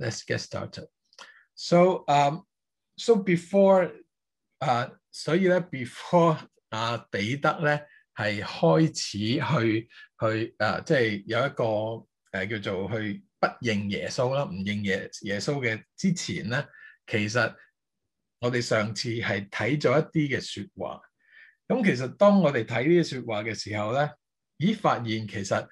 Let's get started. So，um, so before 啊、uh，所以咧，before 啊，彼得咧係開始去去啊，即、uh、係、就是、有一個誒、uh、叫做去不認耶穌啦，唔認耶耶穌嘅之前咧，其實我哋上次係睇咗一啲嘅説話。咁其實當我哋睇呢啲説話嘅時候咧，已發現其實。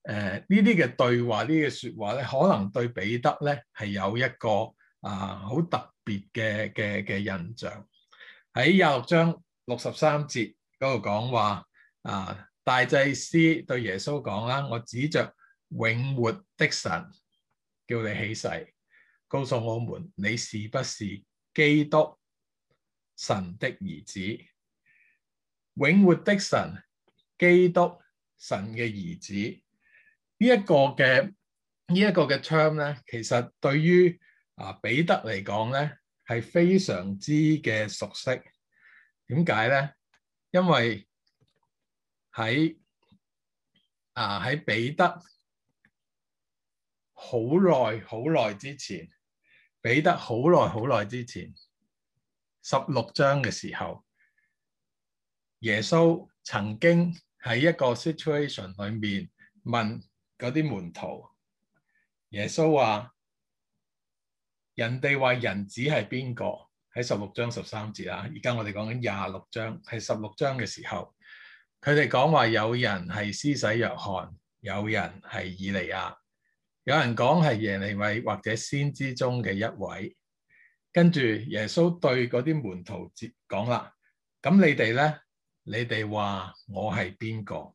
誒、呃，呢啲嘅對話，呢嘅說話咧，可能對彼得咧係有一個啊好、呃、特別嘅嘅嘅印象。喺廿六章六十三節嗰度講話啊，大祭司對耶穌講啦：我指着永活的神叫你起誓，告訴我們你是不是基督神的兒子。永活的神，基督神嘅兒子。這個這個、呢一個嘅呢一個嘅 term 咧，其實對於啊彼得嚟講咧係非常之嘅熟悉。點解咧？因為喺啊喺彼得好耐好耐之前，彼得好耐好耐之前，十六章嘅時候，耶穌曾經喺一個 situation 裏面問。嗰啲門徒，耶穌話：人哋話人子係邊個？喺十六章十三節啊。而家我哋講緊廿六章，係十六章嘅時候，佢哋講話有人係施洗約翰，有人係以利亞，有人講係耶利米或者先知中嘅一位。跟住耶穌對嗰啲門徒講啦：咁你哋咧，你哋話我係邊個？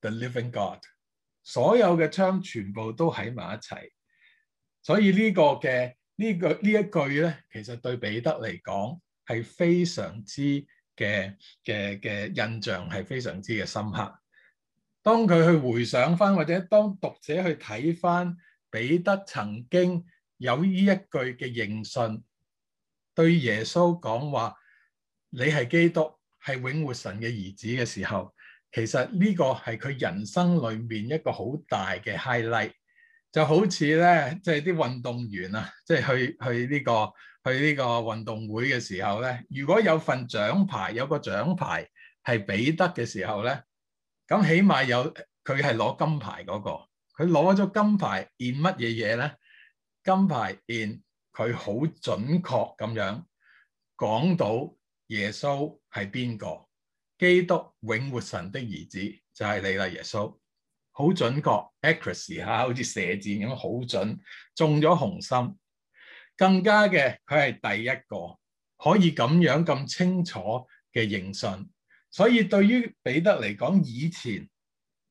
The Living God，所有嘅槍全部都喺埋一齊，所以呢個嘅呢、呢個呢一句咧，其實對彼得嚟講係非常之嘅嘅嘅印象係非常之嘅深刻。當佢去回想返，或者當讀者去睇返彼得曾經有呢一句嘅認信，對耶穌講話，你係基督，係永活神嘅兒子嘅時候。其實呢個係佢人生裏面一個好大嘅 highlight，就好似咧，即係啲運動員啊，即係去去呢個去呢個運動會嘅時候咧，如果有份獎牌，有個獎牌係彼得嘅時候咧，咁起碼有佢係攞金牌嗰個，佢攞咗金牌因乜嘢嘢咧？金牌因佢好準確咁樣講到耶穌係邊個。基督永活神的兒子就係、是、你啦，耶穌好準確 accuracy，好準確 accuracy 吓，好似射箭咁好準，中咗紅心。更加嘅佢係第一個可以咁樣咁清楚嘅認信。所以對於彼得嚟講，以前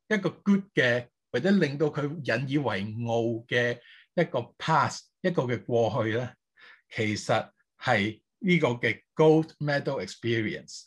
一個 good 嘅或者令到佢引以為傲嘅一個 past 一個嘅過去咧，其實係呢個嘅 gold medal experience。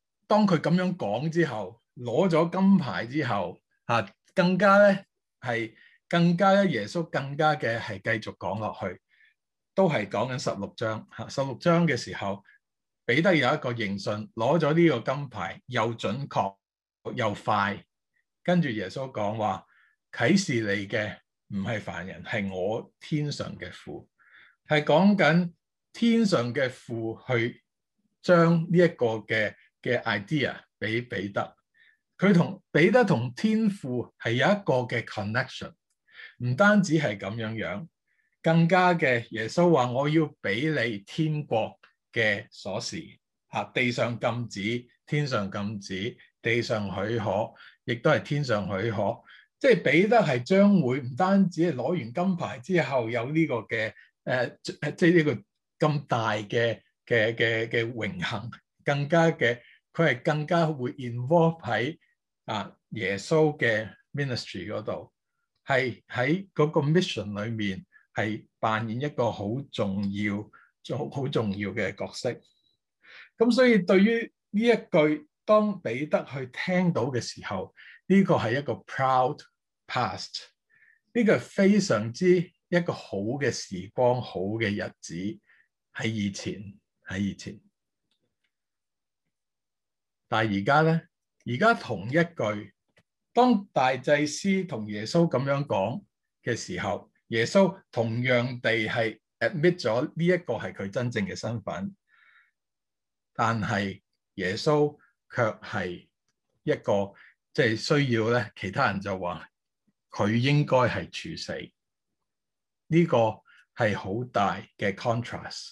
當佢咁樣講之後，攞咗金牌之後，啊，更加咧係更加咧耶穌更加嘅係繼續講落去，都係講緊十六章吓。十六章嘅時候，彼得有一個認信，攞咗呢個金牌又準確又快。跟住耶穌講話啟示你嘅唔係凡人，係我天上嘅父，係講緊天上嘅父去將呢一個嘅。嘅 idea 俾彼得，佢同彼得同天父係有一個嘅 connection，唔單止係咁樣樣，更加嘅耶穌話我要俾你天國嘅鎖匙，吓，地上禁止，天上禁止，地上許可，亦都係天上許可，即係彼得係將會唔單止係攞完金牌之後有呢個嘅誒，即係呢個咁大嘅嘅嘅嘅榮幸，更加嘅。佢係更加會 involve 喺啊耶穌嘅 ministry 嗰度，係喺嗰個 mission 裏面係扮演一個好重要、好重要嘅角色。咁所以對於呢一句，當彼得去聽到嘅時候，呢個係一個 proud past，呢個係非常之一個好嘅時光、好嘅日子，喺以前，喺以前。但係而家咧，而家同一句，當大祭司同耶穌咁樣講嘅時候，耶穌同樣地係 admit 咗呢一個係佢真正嘅身份，但係耶穌卻係一個即係需要咧，其他人就話佢應該係處死。呢個係好大嘅 contrast，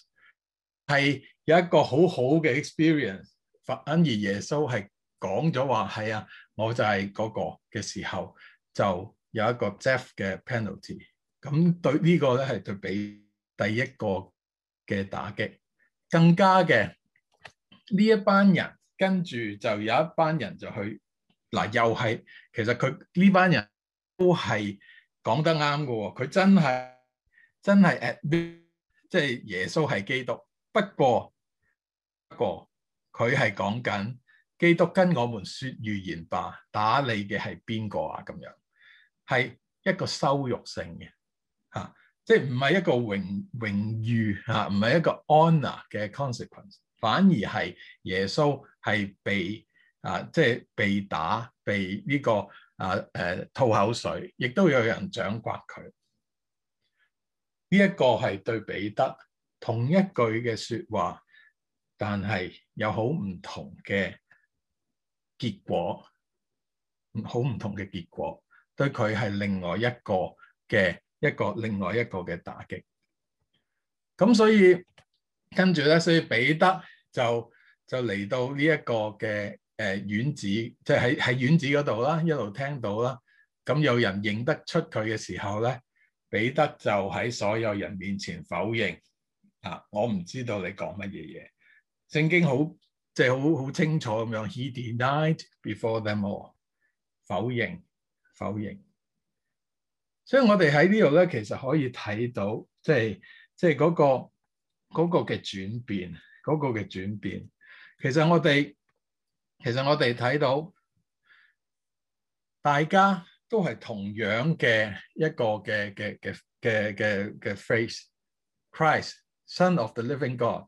係有一個好好嘅 experience。反而耶穌係講咗話係啊，我就係嗰個嘅時候，就有一個 Jeff 嘅 penalty。咁對個呢個咧係對俾第一個嘅打擊，更加嘅呢一班人跟住就有一班人就去嗱、啊，又係其實佢呢班人都係講得啱嘅喎，佢真係真係 at 即係耶穌係基督，不過不過。佢係講緊基督，跟我們說預言吧，打你嘅係邊個啊？咁樣係一個羞辱性嘅吓，即係唔係一個榮榮譽吓，唔係一個 honor 嘅 consequence，反而係耶穌係被啊，即係、啊被，啊就是、被打被呢、這個啊誒、啊、吐口水，亦都有人掌摑佢。呢、這、一個係對彼得同一句嘅說話。但係有好唔同嘅結果，好唔同嘅結果，對佢係另外一個嘅一個另外一個嘅打擊。咁所以跟住咧，所以彼得就就嚟到呢一個嘅誒院子，即係喺喺院子嗰度啦，一路聽到啦。咁有人認得出佢嘅時候咧，彼得就喺所有人面前否認啊！我唔知道你講乜嘢嘢。聖經好即係好好清楚咁樣，He denied before them all，否認否認。所以我哋喺呢度咧，其實可以睇到，即係即係嗰個嘅轉變，嗰個嘅轉變。其實我哋其實我哋睇到大家都係同樣嘅一個嘅嘅嘅嘅嘅嘅 phrase，Christ，Son of the Living God。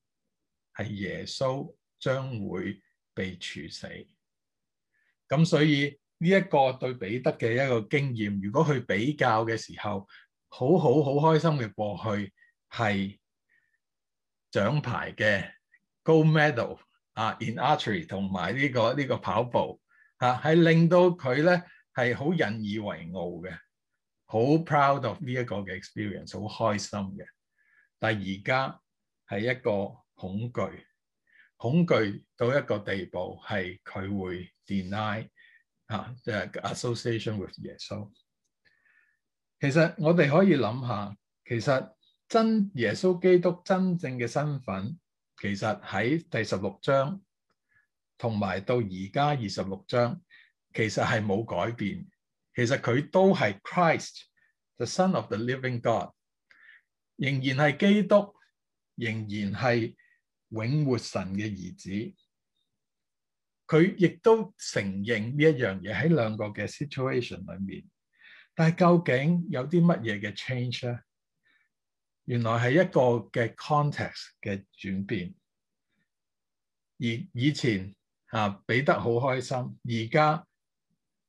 係耶穌將會被處死，咁所以呢一個對彼得嘅一個經驗，如果去比較嘅時候，好好好開心嘅過去係獎牌嘅 gold medal 啊，in archery 同埋呢個呢個跑步啊，係令到佢呢係好引以為傲嘅，好 proud of 呢一個嘅 experience，好開心嘅。但係而家係一個。恐懼，恐懼到一個地步，係佢會 deny 啊，即係 association with 耶穌。其實我哋可以諗下，其實真耶穌基督真正嘅身份，其實喺第十六章，同埋到而家二十六章，其實係冇改變。其實佢都係 Christ，the Son of the Living God，仍然係基督，仍然係。永活神嘅兒子，佢亦都承認呢一樣嘢喺兩個嘅 situation 裏面，但係究竟有啲乜嘢嘅 change 咧？原來係一個嘅 context 嘅轉變，而以前啊，彼得好開心，而家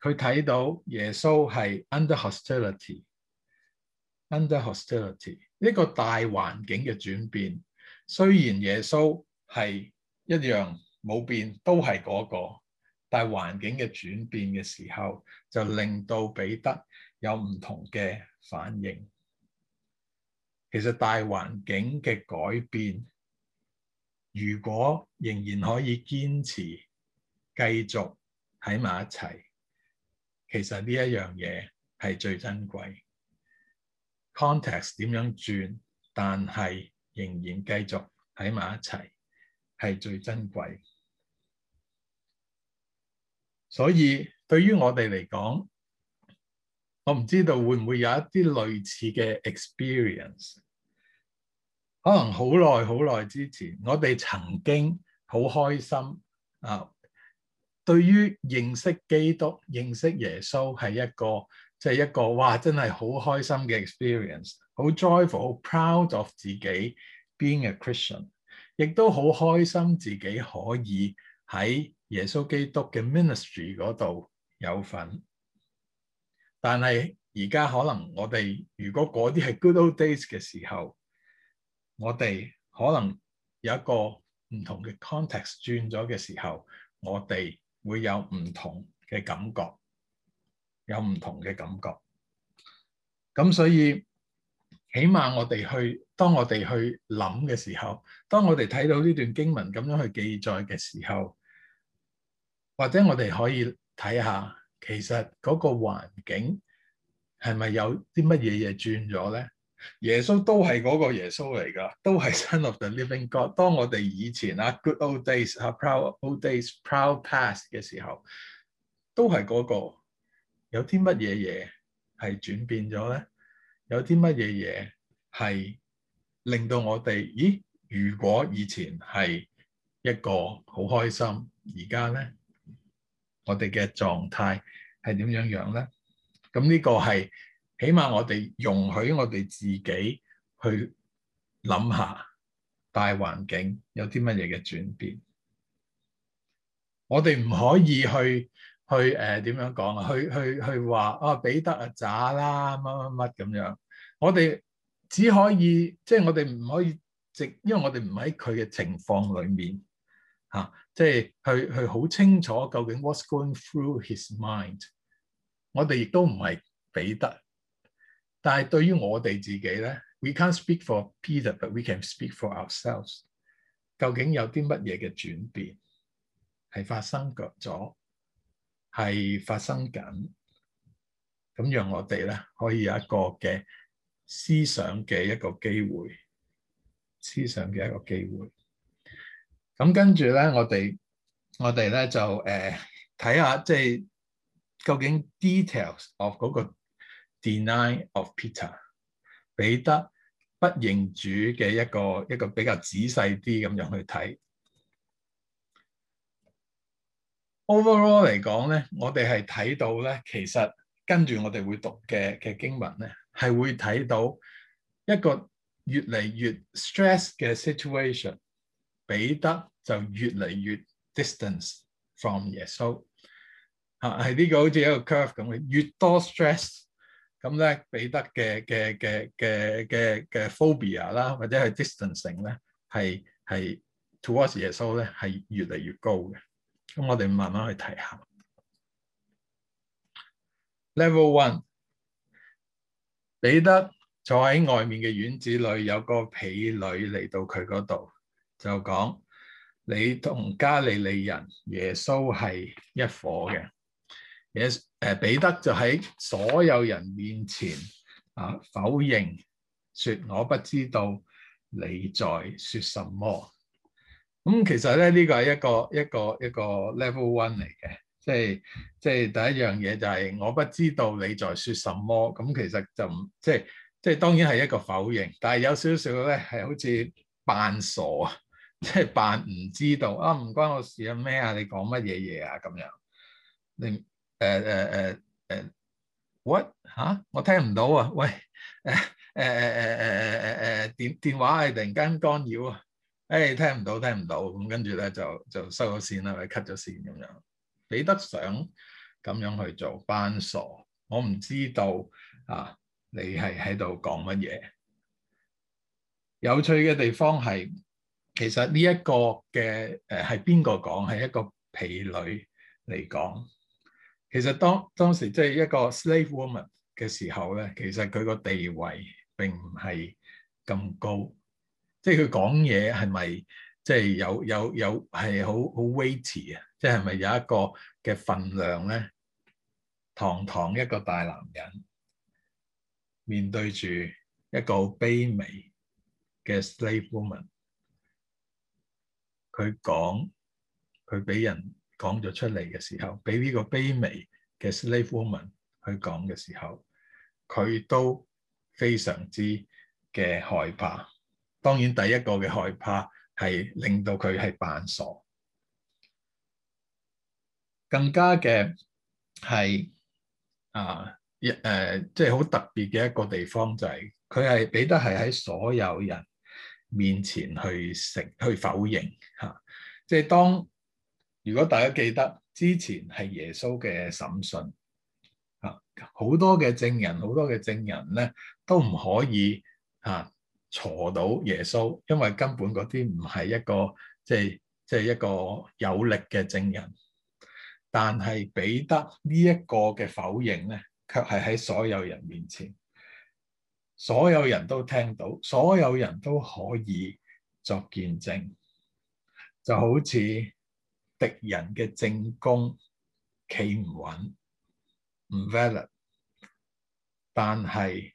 佢睇到耶穌係 under hostility，under hostility 一個大環境嘅轉變。雖然耶穌係一樣冇變，都係嗰個，但係環境嘅轉變嘅時候，就令到彼得有唔同嘅反應。其實大環境嘅改變，如果仍然可以堅持繼續喺埋一齊，其實呢一樣嘢係最珍貴。Context 點樣轉，但係。仍然繼續喺埋一齊係最珍貴，所以對於我哋嚟講，我唔知道會唔會有一啲類似嘅 experience，可能好耐好耐之前，我哋曾經好開心啊！對於認識基督、認識耶穌係一個。即係一個哇！真係好開心嘅 experience，好 joyful，好 proud of 自己 being a Christian，亦都好開心自己可以喺耶穌基督嘅 ministry 嗰度有份。但係而家可能我哋如果嗰啲係 good old days 嘅時候，我哋可能有一個唔同嘅 context 轉咗嘅時候，我哋會有唔同嘅感覺。有唔同嘅感覺，咁所以起碼我哋去，當我哋去諗嘅時候，當我哋睇到呢段經文咁樣去記載嘅時候，或者我哋可以睇下，其實嗰個環境係咪有啲乜嘢嘢轉咗咧？耶穌都係嗰個耶穌嚟噶，都係 Son of the Living God。當我哋以前啊 Good old days 啊 Proud old days proud past 嘅時候，都係嗰個。有啲乜嘢嘢係轉變咗咧？有啲乜嘢嘢係令到我哋？咦？如果以前係一個好開心，而家咧我哋嘅狀態係點樣樣咧？咁呢個係起碼我哋容許我哋自己去諗下大環境有啲乜嘢嘅轉變。我哋唔可以去。去誒點、呃、樣講啊？去去去話啊彼得啊渣啦乜乜乜咁樣。我哋只可以即係我哋唔可以直，因為我哋唔喺佢嘅情況裡面嚇、啊，即係去去好清楚究竟 what's going through his mind。我哋亦都唔係彼得，但係對於我哋自己咧，we can't speak for Peter but we can speak for ourselves。究竟有啲乜嘢嘅轉變係發生咗？係發生緊，咁讓我哋咧可以有一個嘅思想嘅一個機會，思想嘅一個機會。咁跟住咧，我哋我哋咧就誒睇下，即係、呃、就是究竟 details of 嗰個 denial of Peter 彼得不認主嘅一個一個比較仔細啲咁樣去睇。Overall 嚟講咧，我哋係睇到咧，其實跟住我哋會讀嘅嘅經文咧，係會睇到一個越嚟越 stress 嘅 situation，彼得就越嚟越 distance from 耶穌，吓係呢個好似一個 curve 咁嘅，越多 stress 咁咧，彼得嘅嘅嘅嘅嘅嘅 phobia 啦，或者係 distancing 咧，係係 towards 耶穌咧，係越嚟越高嘅。咁我哋慢慢去睇下。Level one，彼得坐喺外面嘅院子裏，有個婢女嚟到佢嗰度，就講：你同加利利人耶穌係一夥嘅。也誒，彼得就喺所有人面前啊否認，説我不知道你在説什麼。咁其實咧，呢、這個係一個一個一個 level one 嚟嘅，即係即係第一樣嘢就係我不知道你在説什麼。咁其實就唔即係即係當然係一個否認，但係有少少咧係好似扮傻、就是、啊，即係扮唔知道啊，唔關我事啊，咩啊，你講乜嘢嘢啊咁樣。你誒誒誒誒 what 嚇、啊？我聽唔到啊！喂誒誒誒誒誒誒誒誒電電話係突然間干擾啊！誒，聽唔到，聽唔到，咁跟住咧就就收咗線啦，咪 cut 咗線咁樣，比得上咁樣去做班傻？我唔知道啊，你係喺度講乜嘢？有趣嘅地方係，其實呢一個嘅，誒係邊個講？係一個婢女嚟講。其實當當時即係一個 slave woman 嘅時候咧，其實佢個地位並唔係咁高。即係佢講嘢係咪，即係有有有係好好 weighty 啊？即係咪有一個嘅份量咧？堂堂一個大男人面對住一個卑微嘅 slave woman，佢講佢俾人講咗出嚟嘅時候，俾呢個卑微嘅 slave woman 去講嘅時候，佢都非常之嘅害怕。當然，第一個嘅害怕係令到佢係扮傻，更加嘅係啊誒，即係好特別嘅一個地方就係佢係彼得係喺所有人面前去承去否認吓。即係、啊、就係、當如果大家記得之前係耶穌嘅審訊啊，好多嘅證人，好多嘅證人咧都唔可以吓。啊錯到耶穌，因為根本嗰啲唔係一個即係即係一個有力嘅證人。但係彼得呢一個嘅否認咧，卻係喺所有人面前，所有人都聽到，所有人都可以作見證。就好似敵人嘅證供企唔穩，唔 valid，但係。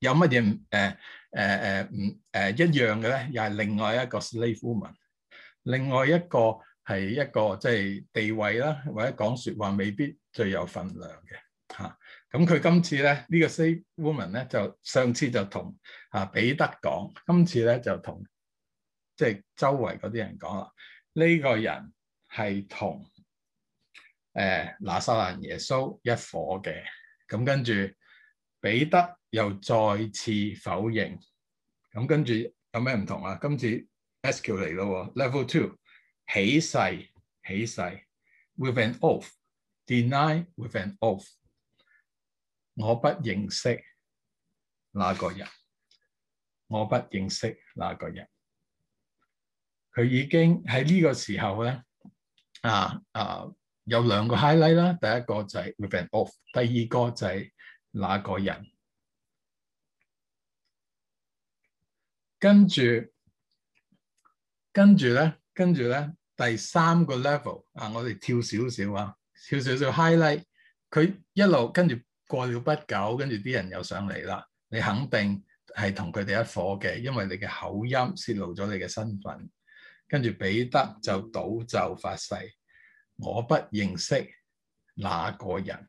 有乜嘢？誒誒誒唔誒一樣嘅咧，又係另外一個 slave woman，另外一個係一個即係、就是、地位啦，或者講説話未必最有分量嘅嚇。咁、啊、佢今次咧呢、這個 slave woman 咧就上次就同啊彼得講，今次咧就同即係周圍嗰啲人講啦。呢、這個人係同誒拿撒勒耶穌一伙嘅，咁跟住。彼得又再次否認，咁跟住有咩唔同啊？今次 escalate 嚟咯，Level Two，起誓，起誓，with an oath deny with an oath。我不認識那個人，我不認識那個人。佢已經喺呢個時候咧，啊啊有兩個 highlight 啦，第一個就係 with an oath，第二個就係。哪個人？跟住，跟住咧，跟住咧，第三個 level 啊，我哋跳少少啊，跳少少 highlight。佢一路跟住過了不久，跟住啲人又上嚟啦。你肯定係同佢哋一伙嘅，因為你嘅口音泄露咗你嘅身份。跟住彼得就賭咒發誓：我不認識哪個人。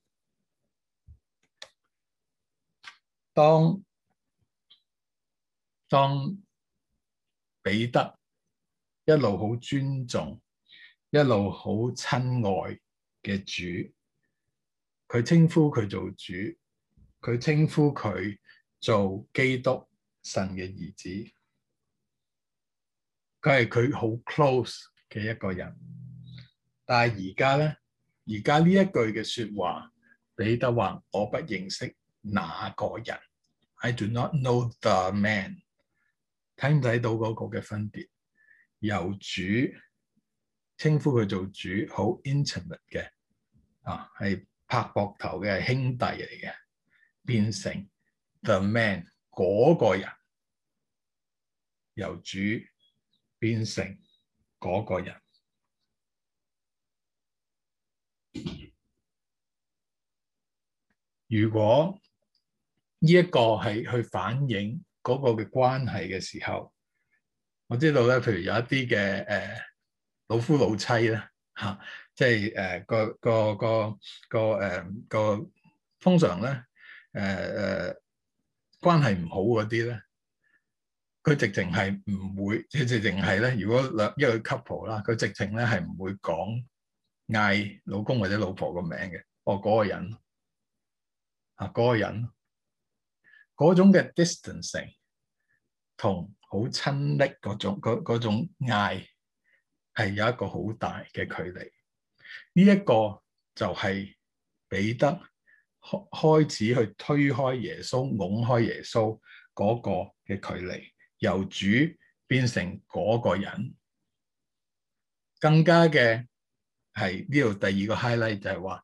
當當彼得一路好尊重，一路好親愛嘅主，佢稱呼佢做主，佢稱呼佢做基督神嘅兒子，佢係佢好 close 嘅一個人。但係而家咧，而家呢一句嘅說話，彼得話我不認識。哪個人？I do not know the man。睇唔睇到嗰個嘅分別？由主稱呼佢做主，好 intimate 嘅，啊，係拍膊頭嘅，兄弟嚟嘅，變成 the man 嗰個人，由主變成嗰個人。如果呢一個係去反映嗰個嘅關係嘅時候，我知道咧，譬如有一啲嘅誒老夫老妻咧嚇，即係誒個個個個誒個通常咧誒誒關係唔好嗰啲咧，佢直情係唔會，佢直情係咧，如果兩一個 couple 啦，佢直情咧係唔會講嗌老公或者老婆個名嘅，哦嗰個人，啊嗰個人。嗰種嘅 distancing 同好親暱嗰種嗌係有一個好大嘅距離，呢、這、一個就係彼得開開始去推開耶穌、掹開耶穌嗰個嘅距離，由主變成嗰個人，更加嘅係呢度第二個 highlight 就係話。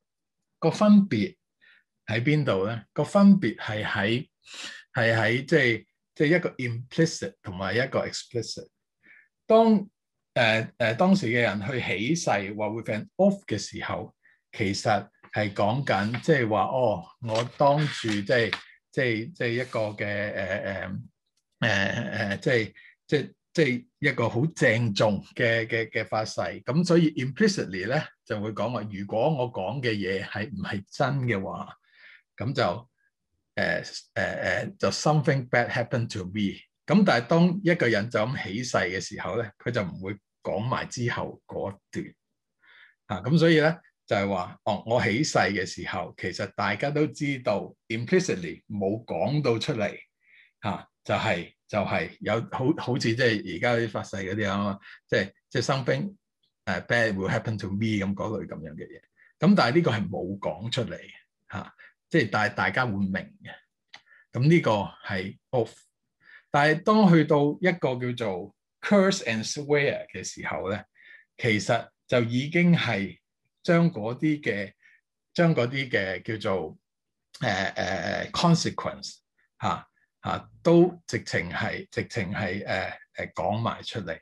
個分別喺邊度咧？個分別係喺係喺即係即係一個 implicit 同埋一個 explicit 當、呃。當誒誒當時嘅人去起誓或會 fan off 嘅時候，其實係講緊即係話哦，我當住即係即係即係一個嘅誒誒誒誒，即係即即係一個好鄭重嘅嘅嘅發誓。咁所以 implicitly 咧。就會講話，如果我講嘅嘢係唔係真嘅話，咁就誒誒誒，就、uh, uh, uh, something bad happened to me，咁但係當一個人就咁起誓嘅時候咧，佢就唔會講埋之後嗰段嚇。咁、啊、所以咧就係、是、話，哦，我起誓嘅時候，其實大家都知道 implicitly 冇講到出嚟嚇、啊，就係、是、就係、是、有好好似即係而家啲發誓嗰啲啊嘛，即係即係 something 誒、uh,，bad will happen to me 咁嗰類咁樣嘅嘢，咁但係呢個係冇講出嚟吓、啊，即係但係大家會明嘅，咁呢個係 off。但係當去到一個叫做 curse and swear 嘅時候咧，其實就已經係將嗰啲嘅，將啲嘅叫做誒誒、uh, uh, consequence，吓、啊、吓、啊，都直情係直情係誒誒講埋出嚟，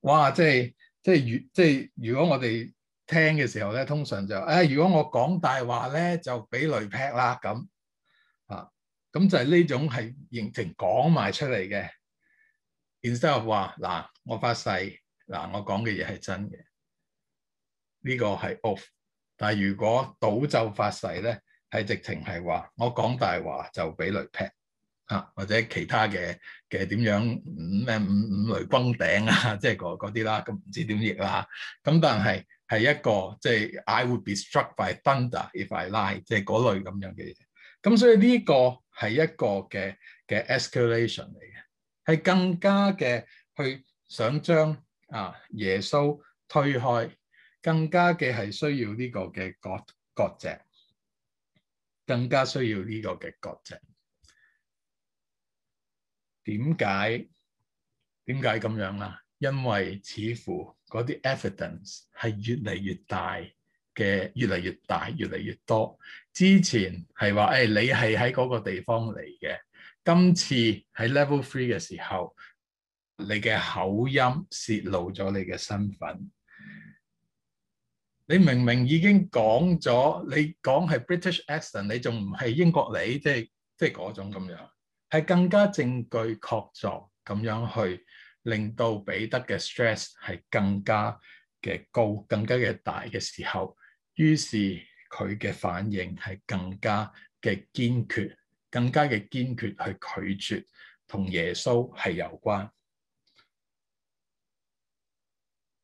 哇，即係。即係如即係如果我哋聽嘅時候咧，通常就誒、哎，如果我講大話咧，就俾雷劈啦咁啊，咁就係呢種係形成講埋出嚟嘅。instead of 話嗱，我發誓嗱，我講嘅嘢係真嘅，呢、這個係 oath。但係如果賭咒發誓咧，係直情係話我講大話就俾雷劈。啊，或者其他嘅嘅點樣五咩五五雷轟頂啊，即係嗰嗰啲啦，咁唔知點譯啦。咁但係係一個即係 I would be struck by thunder if I lie，即係嗰類咁樣嘅嘢。咁所以呢個係一個嘅嘅 escalation 嚟嘅，係更加嘅去想將啊耶穌退開，更加嘅係需要呢個嘅割割席，更加需要呢個嘅割席。點解？點解咁樣啊？因為似乎嗰啲 evidence 係越嚟越大嘅，越嚟越大，越嚟越多。之前係話誒，你係喺嗰個地方嚟嘅。今次喺 level three 嘅時候，你嘅口音泄露咗你嘅身份。你明明已經講咗，你講係 British accent，你仲唔係英國嚟？即係即係嗰種咁樣。係更加證據確鑿咁樣去令到彼得嘅 stress 係更加嘅高，更加嘅大嘅時候，於是佢嘅反應係更加嘅堅決，更加嘅堅決去拒絕同耶穌係有關。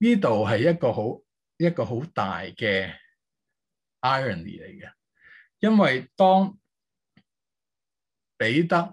呢度係一個好一個好大嘅 irony 嚟嘅，因為當彼得。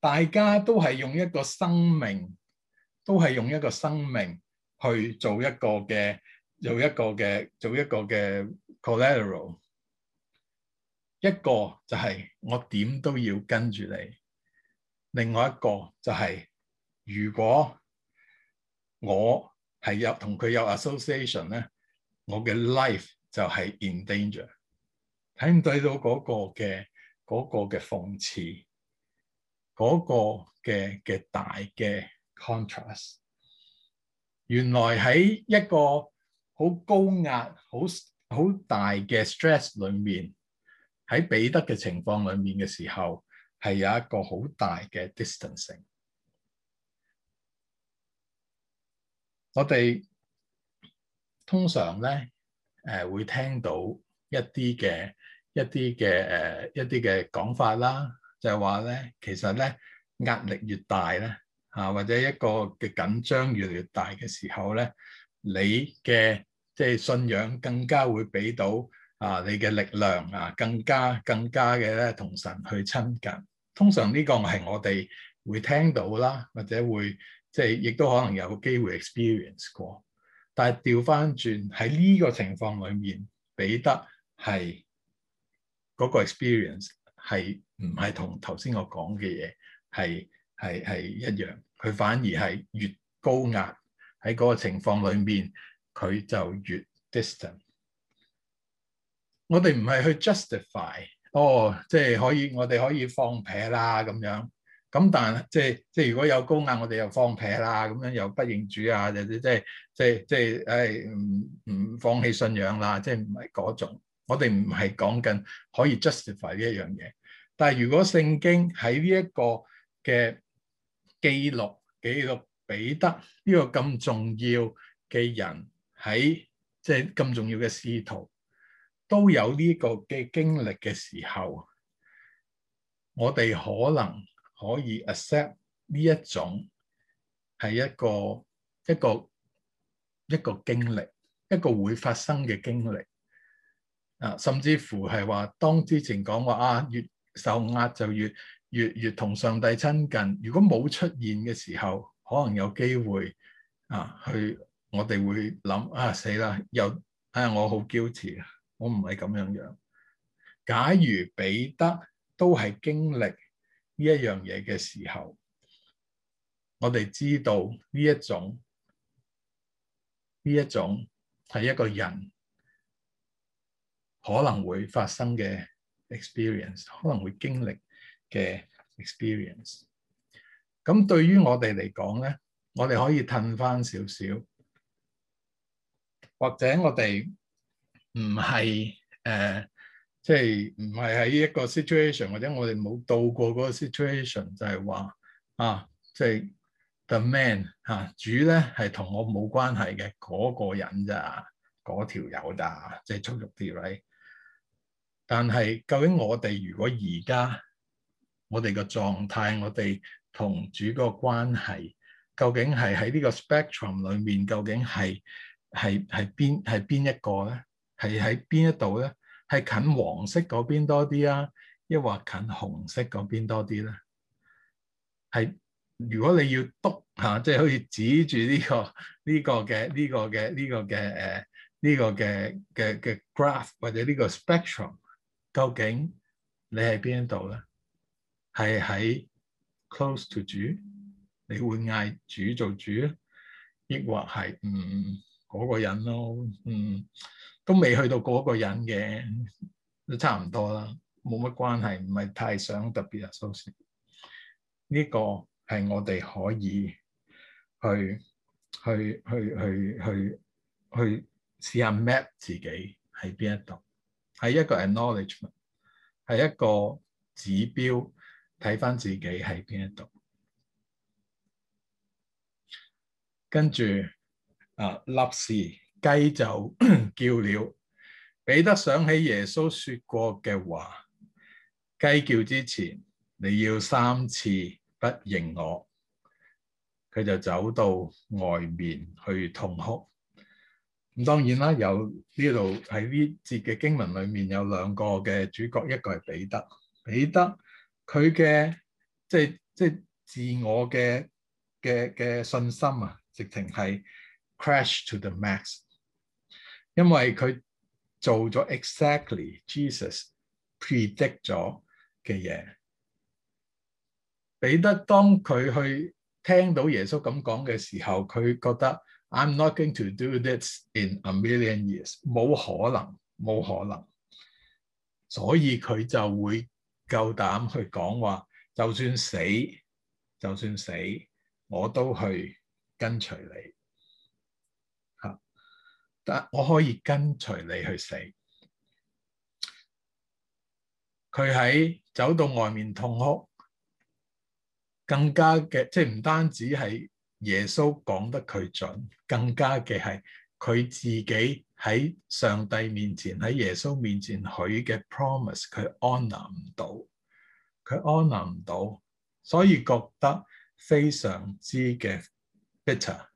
大家都係用一個生命，都係用一個生命去做一個嘅，做一個嘅，做一個嘅 collateral。一個就係我點都要跟住你，另外一個就係如果我係有同佢有 association 咧，我嘅 life 就係 in danger。睇唔睇到嗰個嘅嗰個嘅諷刺？嗰、那個嘅嘅大嘅 contrast，原來喺一個好高壓、好好大嘅 stress 裏面，喺彼得嘅情況裏面嘅時候，係有一個好大嘅 distancing。我哋通常咧，誒會聽到一啲嘅一啲嘅誒一啲嘅講法啦。就係話咧，其實咧壓力越大咧，嚇、啊、或者一個嘅緊張越嚟越大嘅時候咧，你嘅即係信仰更加會俾到啊你嘅力量啊，更加更加嘅咧同神去親近。通常呢個係我哋會聽到啦，或者會即係亦都可能有機會 experience 過。但係調翻轉喺呢個情況裡面，俾得係嗰個 experience。係唔係同頭先我講嘅嘢係係係一樣？佢反而係越高壓喺嗰個情況裏面，佢就越 distant。我哋唔係去 justify，哦，即係可以，我哋可以放屁啦咁樣。咁但即係即係如果有高壓，我哋又放屁啦，咁樣又不認主啊，即即即即即係唉唔唔放棄信仰啦，即係唔係嗰種。我哋唔係講緊可以 justify 呢一樣嘢，但係如果聖經喺呢一個嘅記錄，記錄彼得呢個咁重要嘅人喺即係咁重要嘅使徒都有呢個嘅經歷嘅時候，我哋可能可以 accept 呢一種係一個一個一個經歷，一個會發生嘅經歷。啊，甚至乎係話，當之前講話啊，越受壓就越越越同上帝親近。如果冇出現嘅時候，可能有機會啊，去我哋會諗啊，死啦，又啊，我好 guilty 啊，我唔係咁樣樣。假如彼得都係經歷呢一樣嘢嘅時候，我哋知道呢一種呢一種係一個人。可能會發生嘅 experience，可能會經歷嘅 experience。咁對於我哋嚟講咧，我哋可以褪翻少少，或者我哋唔係誒，即係唔係喺一個 situation，或者我哋冇到過嗰個 situation，就係話啊，即係 the man 嚇主咧係同我冇關係嘅嗰個人咋，嗰條友咋，即係捉肉條脷。但係，究竟我哋如果而家我哋個狀態，我哋同主個關係，究竟係喺呢個 spectrum 裡面，究竟係係係邊係邊一個咧？係喺邊一度咧？係近黃色嗰邊多啲啊，抑或近紅色嗰邊多啲咧？係如果你要篤嚇，即係好似指住呢個呢個嘅呢個嘅呢個嘅誒呢個嘅嘅嘅 graph 或者呢個 spectrum。究竟你喺邊一度咧？係喺 close to 主，你會嗌主做主，抑或係嗯嗰個人咯？嗯，都未去到嗰個人嘅，都差唔多啦，冇乜關係，唔係太想特別啊。蘇 Sir 呢個係我哋可以去去去去去去試下 map 自己喺邊一度。係一個 acknowledgement 係一個指標。睇翻自己喺邊一度。跟住啊，立時，雞就叫了。彼得想起耶穌説過嘅話：雞叫之前，你要三次不認我。佢就走到外面去痛哭。當然啦，有呢度喺呢節嘅經文裏面有兩個嘅主角，一個係彼得。彼得佢嘅即係即係自我嘅嘅嘅信心啊，直情係 crash to the max，因為佢做咗 exactly Jesus predict 咗嘅嘢。彼得當佢去聽到耶穌咁講嘅時候，佢覺得。I'm not going to do this in a million years。冇可能，冇可能。所以佢就會夠膽去講話，就算死，就算死，我都去跟隨你。吓，但我可以跟隨你去死。佢喺走到外面痛哭，更加嘅，即係唔單止係。耶穌講得佢準，更加嘅係佢自己喺上帝面前、喺耶穌面前，佢嘅 promise 佢 honour 唔到，佢 honour 唔到，所以覺得非常之嘅 bitter，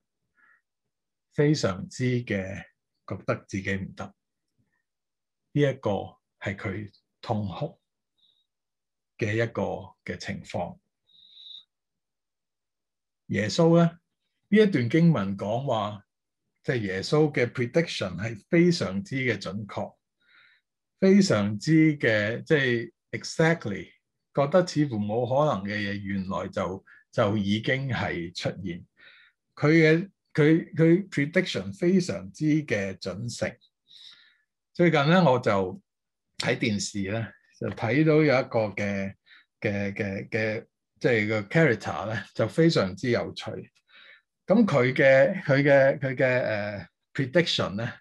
非常之嘅覺得自己唔得，呢、這個、一個係佢痛哭嘅一個嘅情況。耶穌咧呢一段經文講話，即係耶穌嘅 prediction 係非常之嘅準確，非常之嘅即係 exactly 覺得似乎冇可能嘅嘢，原來就就已經係出現。佢嘅佢佢 prediction 非常之嘅準成。最近咧我就睇電視咧，就睇到有一個嘅嘅嘅嘅。即係個 character 咧就非常之有趣，咁佢嘅佢嘅佢嘅誒 prediction 咧，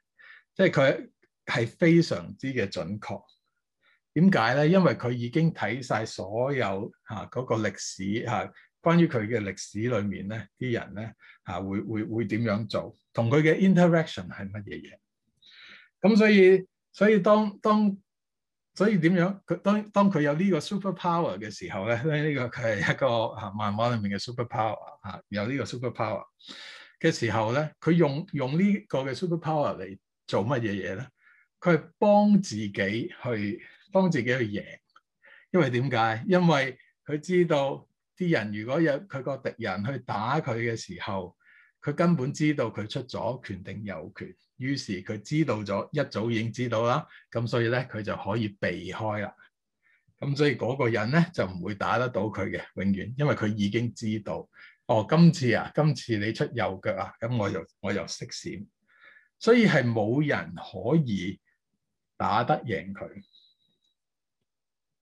即係佢係非常之嘅準確。點解咧？因為佢已經睇晒所有嚇嗰個歷史嚇，關於佢嘅歷史裏面咧啲人咧嚇會會會點樣做，同佢嘅 interaction 係乜嘢嘢？咁所以所以當當。所以點樣？佢當當佢有呢個 super power 嘅時候咧，呢、呢、呢個佢係一個嚇漫畫入面嘅 super power 嚇，有呢個 super power 嘅時候咧，佢用用呢個嘅 super power 嚟做乜嘢嘢咧？佢係幫自己去幫自己去贏，因為點解？因為佢知道啲人如果有佢個敵人去打佢嘅時候。佢根本知道佢出左拳定右拳，於是佢知道咗，一早已經知道啦。咁所以咧，佢就可以避開啦。咁所以嗰個人咧就唔會打得到佢嘅，永遠，因為佢已經知道。哦，今次啊，今次你出右腳啊，咁我又我又識閃。所以係冇人可以打得贏佢。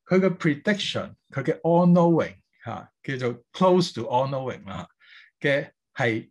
佢嘅 prediction，佢嘅 all knowing 嚇，叫做 close to all knowing 啦嘅係。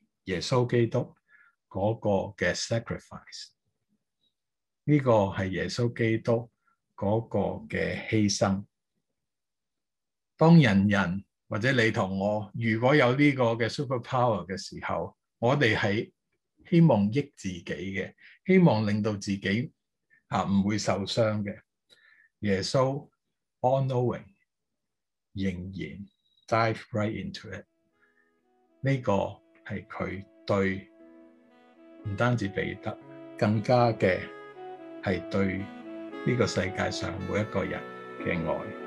耶穌基督嗰個嘅 sacrifice，呢個係耶穌基督嗰個嘅犧牲。當人人或者你同我如果有呢個嘅 super power 嘅時候，我哋係希望益自己嘅，希望令到自己啊唔會受傷嘅。耶穌，all knowing，仍然 dive right into it，呢個。係佢對唔單止彼得，更加嘅係對這個世界上每一個人嘅愛。